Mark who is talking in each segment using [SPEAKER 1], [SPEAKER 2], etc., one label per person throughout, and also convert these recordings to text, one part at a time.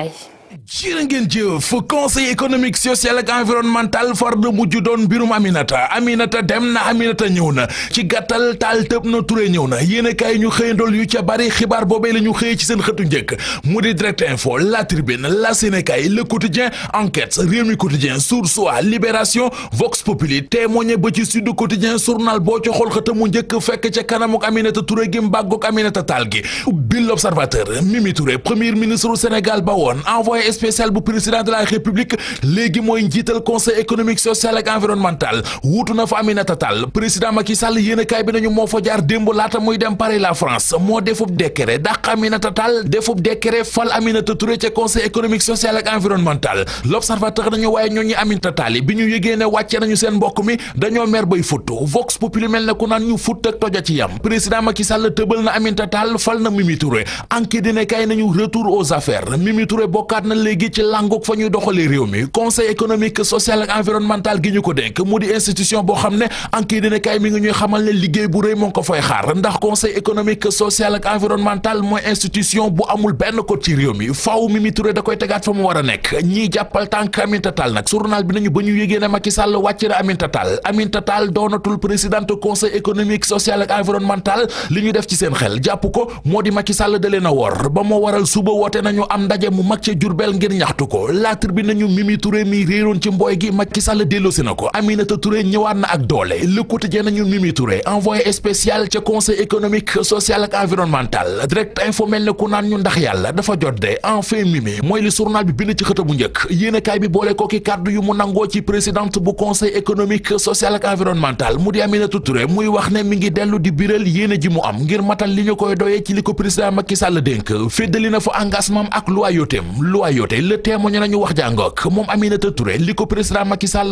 [SPEAKER 1] Bye. jërë ngeen jëf conseil économique social ak environnemental ford mujj doon mbirum Aminata Aminata dem na Aminata ñëw na ci gàttal taal tëb na Touré ñëw na yéen kaay ñu xëyandool yu ca bari xibaar boobee la ñu xëyee ci seen xëtu njëkk mu di direct info la tribune la Sénégal le quotidien enquête réew mi quotidien Source A libération vox populi témoigné ba ci sud quotidien journal boo ci xool xëta mu njëkk fekk ca kanamuk Aminata Touré gi mbàgguk Aminata Tall gi bi l'observateur Mimi Touré premier ministre du Sénégal ba woon envoyé envoyé bu président de la république léegi mooy njiital conseil économique social ak environnemental wuutu na fa Aminata Tall président Macky Sall bi nañu moo fa démb laata muy dem Paris la France moo defub décret dàq Aminata Tall defub décret fal Aminata Touré ca conseil économique social ak environnemental l'observateur nañu waaye ñooñu Aminata Tall bi ñu yëgee wàcce nañu seen mbokk mi dañoo mer bay futt vox populi mel ne ku na na léegi ci lànguk fa ñuy doxalee réew mi conseil économique social environnemental gi ñu ko dénk mu di institution boo xam ne enquête dina kay mi ngi ñuy xamal ne liggéey bu rëy moo ko fay xaar ndax conseil économique social environnemental mooy institution bu amul benn code ci réew mi faaw Mimi Touré da koy tegaat fa mu war a nekk ñiy jàppal tànk Aminata Tall nag journal bi nañu ba ñu yégée ne Macky na Aminata Tall doonatul présidente conseil Diourbel ngir ñaxtu ko la tribune nañu Mimi Touré mi réeroon ci mbooy gi Macky Sall delloosi na ko Aminata Touré ñëwaat na ak doole Le Quotidien nañu Mimi Touré envoyé spécial ca conseil économique social ak environnemental direct dafa jot de mooy li journal bi bind ci xët bu njëkk yéenekaay bi boole ko ki kàddu yu mu nangoo ci présidente bu conseil économique social ak environnemental mu di Aminata Touré muy wax ne mi ngi dellu di biral yéene ji mu am ngir matal li ñu koy doyee ci li ko président Macky Sall dénk féddali na fa engagement ak loyauté waa yoote le témoin nañu wax jàngook moom Aminata Touré li ko président Macky Sall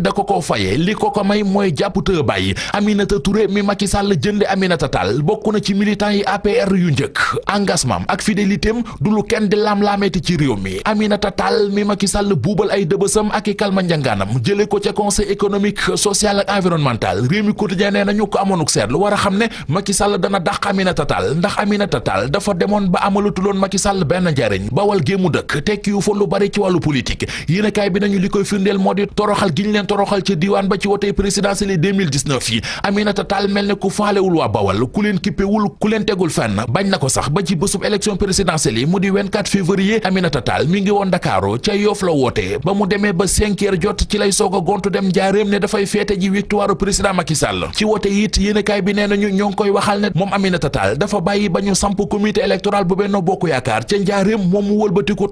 [SPEAKER 1] da ko koo fayee li ko ko may mooy jàpp te bàyyi Aminata Touré mi Macky jënde Aminata Tall bokk na ci militant yi APR yu njëkk engagement ak fidélité am du lu kenn di laam-laameeti ci réew mi Aminata Tall mi Macky buubal ay dëbësam ak i kalma njàngaanam jële ko ca conseil économique social ak environnemental réew mi quotidien nee na ñu ko amoonuk war a xam ne dëkk tekkiwu fa lu bari ci wàllu politique yéenekaay bi nañu li koy firndeel moo di toroxal gi ñu leen toroxal ca diiwaan ba ci wotey présidentielle 2019 yi Aminata Tall mel ne ku faalewul waa Bawal ku leen kippewul ku leen tegul fenn bañ na ko sax ba ci bésub élection présidentielle yi mu di 24 février Aminata Tall ba mu demee ba cinq jot ci lay soog a gontu dem njaaréem ne dafay feete ji victoire président Macky Sall ci wote it yéenekaay bi nee nañu ñoo koy waxal ne moom Aminata Tall dafa bàyyi ba ñu samp comité électoral bu Benno Bokk Yaakaar ca njaaréem moom mu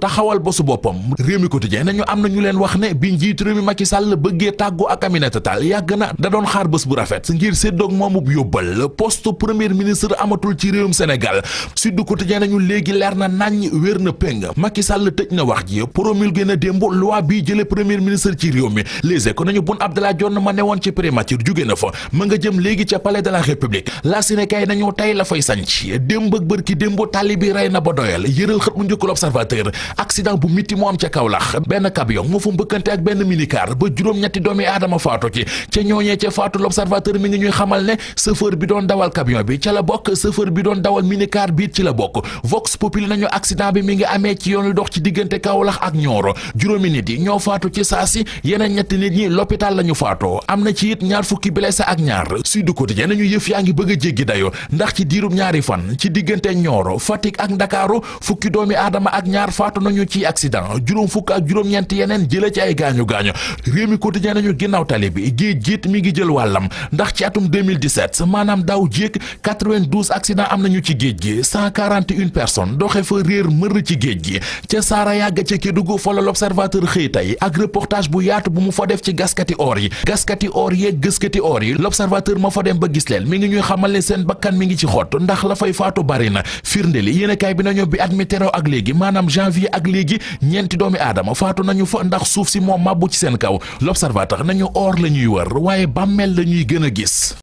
[SPEAKER 1] taxawal bosu boppam réew mi quotidien nañu am na ñu leen wax ne bi njiit réew mi Macky Sall bëggee tàggu ak Aminata Tall yàgg na da doon xaar bés bu rafet ngir séddoog moomub yóbbal poste premier ministre amatul ci réewum Sénégal Sud Quotidien nañu léegi leer na nañ wér na péng Macky Sall tëj na wax ji promulgué na démb loi bii jële premier ministre ci réew mi Les Échos nañu Boun Abdallah Dionne ma newoon ci primature jóge na fa ma nga jëm léegi ca palais de la république la Sénégal tey la fay sanc démb ak bërki démb tali bi rey na ba doyal yëral xët mu njëkkul observateur accident bu mitti moo am ca Kaolack benn camion moo fa mbëkkante ak benn minicar ba juróom-ñetti doomi aadama faatu ci ca ñooñee ca faatu l'observateur mi ngi ñuy xamal ne chauffeur bi doon dawal camion bi ca la bokk chauffeur bi doon dawal minicar bi ci la bokk Vox Populi nañu accident bi mi ngi amee ci yoonu dox ci diggante Kaolack ak Nioro juróomi nit yi ñoo faatu ci saa si yeneen ñetti nit ñi l'hôpital la ñu faatoo am na ci it ñaar fukki blessé ak ñaar Sud Quotidien nañu yëf yaa ngi bëgg a dayoo ndax ci diirub ñaari fan ci diggante Nioro Fatick ak Ndakaaru fukki doomi aadama ak ñaar faatu nañu ci accident juróom fukk ak juróom-ñeent yeneen jële ci ay gaañu gaañu réew mi quotidien nañu ginnaaw tali bi géej jiit mi ngi jël wàllam ndax ci atum 2017 maanaam daaw jéeg 92 accident am nañu ci géej gi 141 personnes doxe fa réer mër ci géej gi ca saara yàgg ca Kédougou fa la l'observateur xëy tey ak reportage bu yaatu bu mu fa def ci gaskati or yi gaskati or yeeg gëskati or yi l'observateur ma fa dem ba gis leen mi ngi ñuy xamal ne seen bakkan mi ngi ci xott ndax la fay faatu bari na firnde li yéenekaay bi nañu bi at mi teroo ak léegi maanaam yi ak léegi ñeenti doomi aadama faatu nañu fa ndax suuf si moo màbbu ci seen kaw l'observateur nañu oor la ñuy wër waaye bàmmeel la ñuy gën a gis